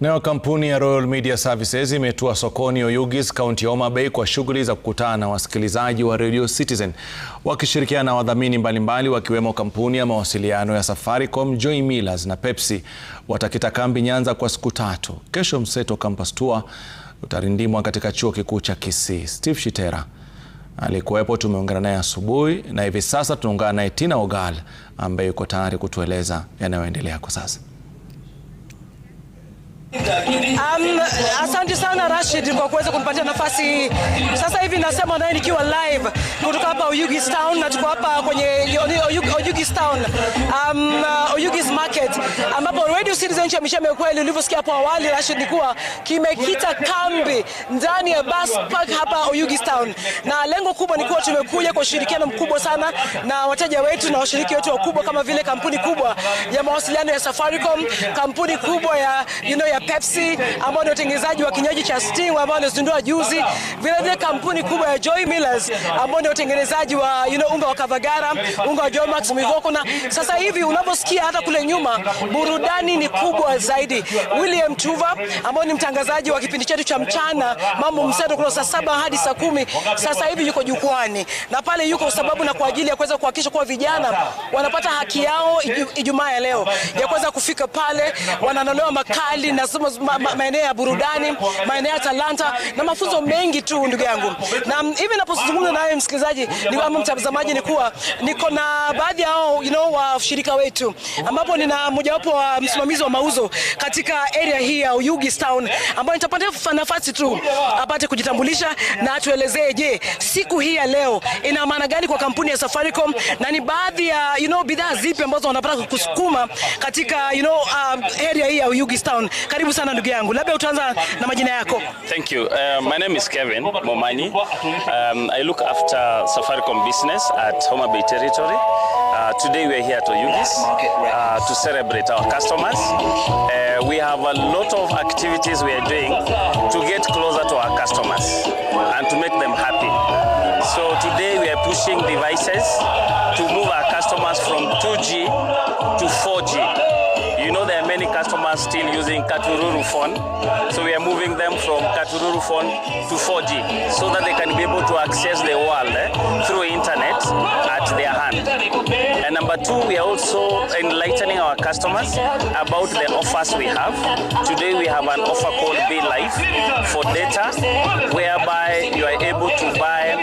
Nayo kampuni ya Royal Media Services imetua sokoni Oyugis, kaunti ya Homa Bay kwa shughuli za kukutana na wasikilizaji wa Radio Citizen wakishirikiana na wadhamini mbalimbali wakiwemo kampuni ya mawasiliano ya Safaricom, Joy Millers na Pepsi. Watakita kambi Nyanza kwa siku tatu. Kesho mseto campus tour utarindimwa katika chuo kikuu cha Kisii. Steve Shitera alikuwepo, tumeongera naye asubuhi, na hivi sasa tunaungana naye Tina Ogal ambaye yuko tayari kutueleza yanayoendelea kwa sasa. Um, asante sana Rashid kwa kuweza kunipatia nafasi. Sasa hivi nasema naye nikiwa live kutoka hapa Oyugis Town na tuko hapa kwenye Oyugis Town. Um, Oyugis Market ambapo Radio Citizen cha Mishame kweli ulivyosikia hapo awali Rashid ni kuwa kimekita kambi ndani ya bus park hapa Oyugis Town. Na lengo kubwa ni kuwa tumekuja kwa ushirikiano mkubwa sana na wateja wetu na washiriki wetu wakubwa kama vile kampuni kubwa ya mawasiliano ya Safaricom, kampuni kubwa ya you know, ya Pepsi ambao ni watengenezaji wa kinywaji cha Sting ambao walizindua juzi, vile vile kampuni kubwa ya Joy Millers ambao ni watengenezaji wa you know, unga wa Kavagara, unga wa Joy Max Mivoko. Na sasa hivi unaposikia hata kule nyuma burudani ni kubwa zaidi. William Tuva ambao ni mtangazaji wa kipindi chetu cha mchana mambo mseto kutoka saa saba hadi saa kumi sasa hivi yuko jukwani na pale yuko sababu na kwa ajili ya kuweza kuhakikisha kuwa vijana wanapata haki yao Ijumaa ya leo ya kuweza kufika pale wananolewa makali na ma, maeneo ya burudani, maeneo ya talanta na mafunzo mengi tu ndugu yangu. Na mm, hivi napozungumza nawe msikilizaji ni kwamba mtazamaji, ni kuwa niko na baadhi yao you know, wa shirika wetu ambapo nina mojawapo wa msimamizi wa mauzo katika area hii ya Oyugis Town ambayo nitapata nafasi tu apate kujitambulisha na atuelezee, je, siku hii ya leo ina maana gani kwa kampuni ya Safaricom na ni baadhi ya you know, bidhaa zipi ambazo wanapata kusukuma katika you know, uh, area hii ya Oyugis Town. Karibu sana ndugu yangu, labda utaanza na majina yako. Thank you. Uh, my name is Kevin Momani. Um, I look after Safaricom business at Homa Bay territory. Uh, today we are here at Oyugis uh, to celebrate our customers. Uh, we have a lot of activities we are doing to get closer to our customers and to make them happy. So today we are pushing devices to move our customers from 2G to 4G. You know there are many customers still using Katururu phone, so we are moving them from Katururu phone to 4G so that they can be able to access the world eh, through our customers about the offers we have. Today we have an offer called Be Life for data, whereby you are able to buy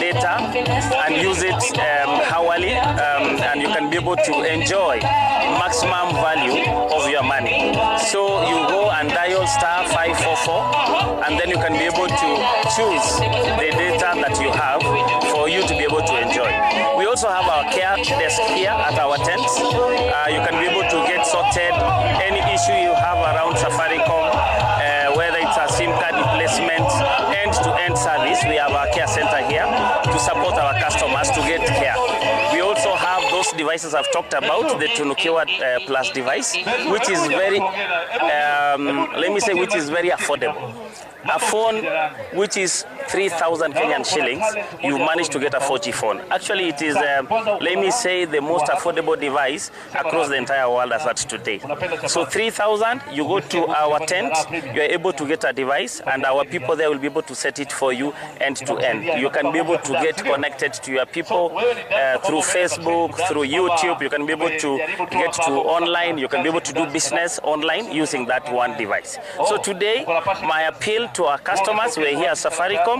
data and use it um, hourly, um, and you can be able to enjoy maximum value of your money. So you go and dial star 544, and then you can be able to choose the data that you support our customers to get care. We also have those devices I've talked about, the Tunukiwa uh, Plus device, which is very, um, let me say, which is very affordable. A phone which is 3,000 Kenyan shillings, you manage to get a 4G phone. Actually, it is, um, let me say, the most affordable device across the entire world as at today. So 3,000, you go to our tent, you are able to get a device, and our people there will be able to set it for you end to end. You can be able to get connected to your people uh, through Facebook, through YouTube. You can be able to get to online. You can be able to do business online using that one device. So today, my appeal to our customers, we're here at Safaricom,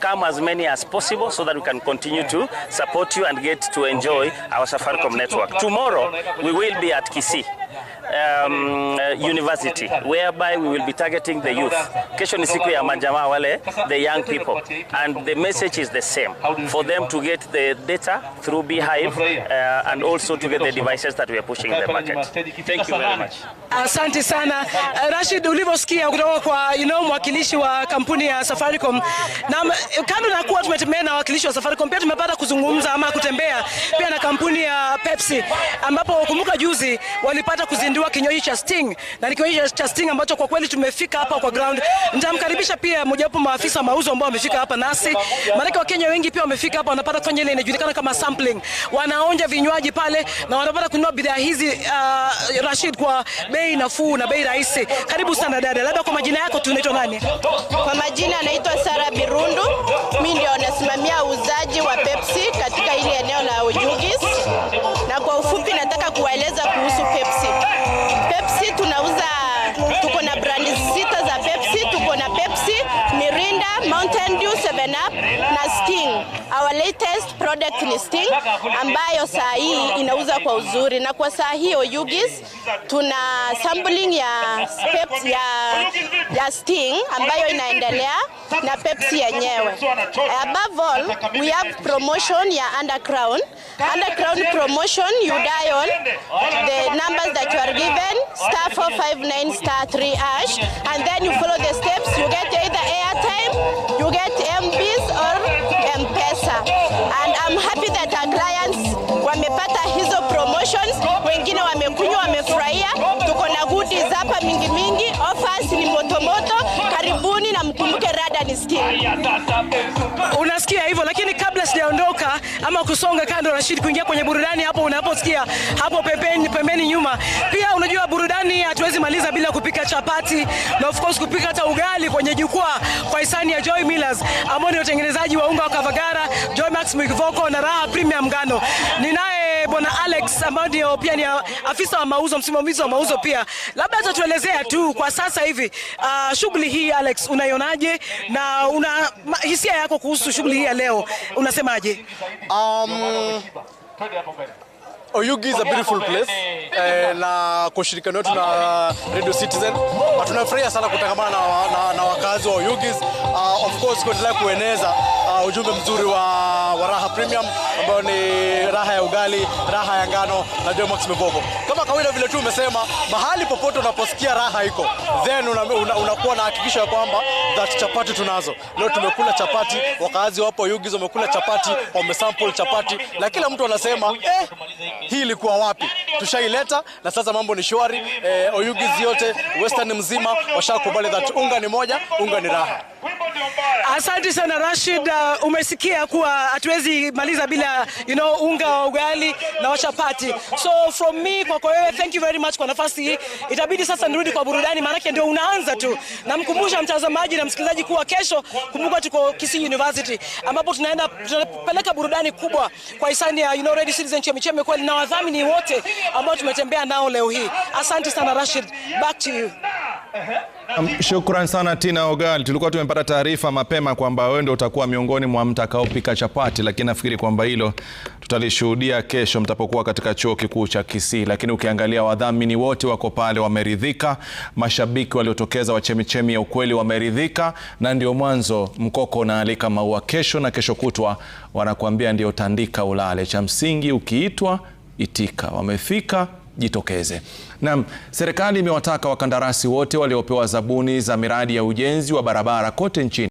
come as many as possible so that we can continue to support you and get to enjoy our Safaricom network. Tomorrow we will be at Kisii. Um, uh, university whereby we will be targeting the youth. Kesho ni siku ya majamaa wale, the young people, and the message is the same for them to get the data through Beehive uh, and also to get the devices that we are pushing in the market. Thank you very much. Asante sana uh, Rashid, ulivyosikia kutoka kwa you know, mwakilishi wa kampuni ya Safaricom na Eh, kando na kuwa tumetembea na wakilishi wa Safaricom, pia tumepata kuzungumza ama kutembea pia na kampuni ya Pepsi, ambapo kumbuka juzi walipata kuzindua kinywaji cha Sting na ni kinywaji cha Sting ambacho kwa kweli tumefika hapa kwa ground. Nitamkaribisha pia mmoja wapo maafisa mauzo ambao wamefika hapa nasi, maana maanake Kenya wengi pia wamefika hapa, wanapata kwenye ile inajulikana kama sampling, wanaonja vinywaji pale na wanapata kununua bidhaa hizi uh, Rashid, kwa bei nafuu na bei rahisi. Karibu sana dada, labda kwa majina yako tunaitwa nani? Kwa majina anaitwa Sara Birundu. Mimi ndio nasimamia uuzaji wa Pepsi katika ili eneo la Ujugis, na kwa ufupi nataka kuwaeleza kuhusu Pepsi. Pepsi tunauza tuko latest product listing ambayo saa hii inauza kwa uzuri, na kwa saa hiyo Yugis tuna sampling ya Pepsi ya, ya Sting ambayo inaendelea na Pepsi yenyewe. Above all, we have promotion ya underground underground promotion. You dial the numbers that you are given star 459 star 3 hash and then you follow tuko na gudi zapa mingi mingi, offers ni moto moto, karibuni na mkumbuke rada ni skin. Unasikia hivyo, lakini kabla sijaondoka ama kusonga kando, Rashid, kuingia kwenye burudani hapo unaposikia hapo pembeni pembeni nyuma, pia unajua burudani hatuwezi maliza bila kupika chapati na of course kupika hata ugali kwenye jukwaa kwa hisani ya Joy Millers ambao ni watengenezaji wa unga wa Kavagara, Joy Max Mwikivoko na Raha Premium Ngano. Nina Bwana Alex ambao ndio pia ni afisa wa mauzo, msimamizi wa mauzo pia, labda atatuelezea tu kwa sasa hivi uh, shughuli hii Alex, unaionaje na una hisia yako kuhusu shughuli hii ya leo unasemaje? um, Oyugi is a beautiful place eh, na kwa ushirikiano wetu na Radio Citizen tunafurahia sana kutangamana na, na, na wakazi wa Oyugi. Uh, of course kuendelea kueneza uh, ujumbe mzuri wa, wa Raha Premium ambayo ni raha ya ugali, raha ya ngano na Jomax Mbogo. Kama kawaida vile tu umesema, mahali popote unaposikia raha iko then unakuwa una, una na hakikisho ya kwamba that chapati tunazo. Leo tumekula chapati, wakazi wapo Oyugi wamekula chapati, wamesample chapati na kila mtu anasema eh, hii ilikuwa wapi? Tushaileta na sasa mambo ni shwari. Eh, Oyugis yote Western mzima washakubali that unga ni moja, unga ni raha. Asante sana Rashid. Uh, umesikia kuwa hatuwezi maliza bila you know, unga wa ugali na wachapati. So from me kwa wewe, thank you very much kwa nafasi hii. Itabidi sasa nirudi kwa burudani, maanake ndio unaanza tu. Namkumbusha mtazamaji na msikilizaji kuwa kesho, kumbuka, tuko Kisii University ambapo tunaenda tunapeleka burudani kubwa kwa hisani ya you know, Red Citizen Chemichemi kweli na wadhamini wote ambao tumetembea nao leo hii. Asante sana Rashid, back to you. Shukran sana Tina Ogal. Tulikuwa tumepata taarifa mapema kwamba wewe ndio utakuwa miongoni mwa mtakaopika chapati, lakini nafikiri kwamba hilo tutalishuhudia kesho mtapokuwa katika chuo kikuu cha Kisii. Lakini ukiangalia wadhamini wote wako pale, wameridhika. Mashabiki waliotokeza wa chemichemi ya ukweli wameridhika, na ndio mwanzo mkoko unaalika maua. Kesho na kesho kutwa wanakuambia ndio tandika ulale, cha msingi ukiitwa itika. Wamefika jitokeze. Naam, serikali imewataka wakandarasi wote waliopewa zabuni za miradi ya ujenzi wa barabara kote nchini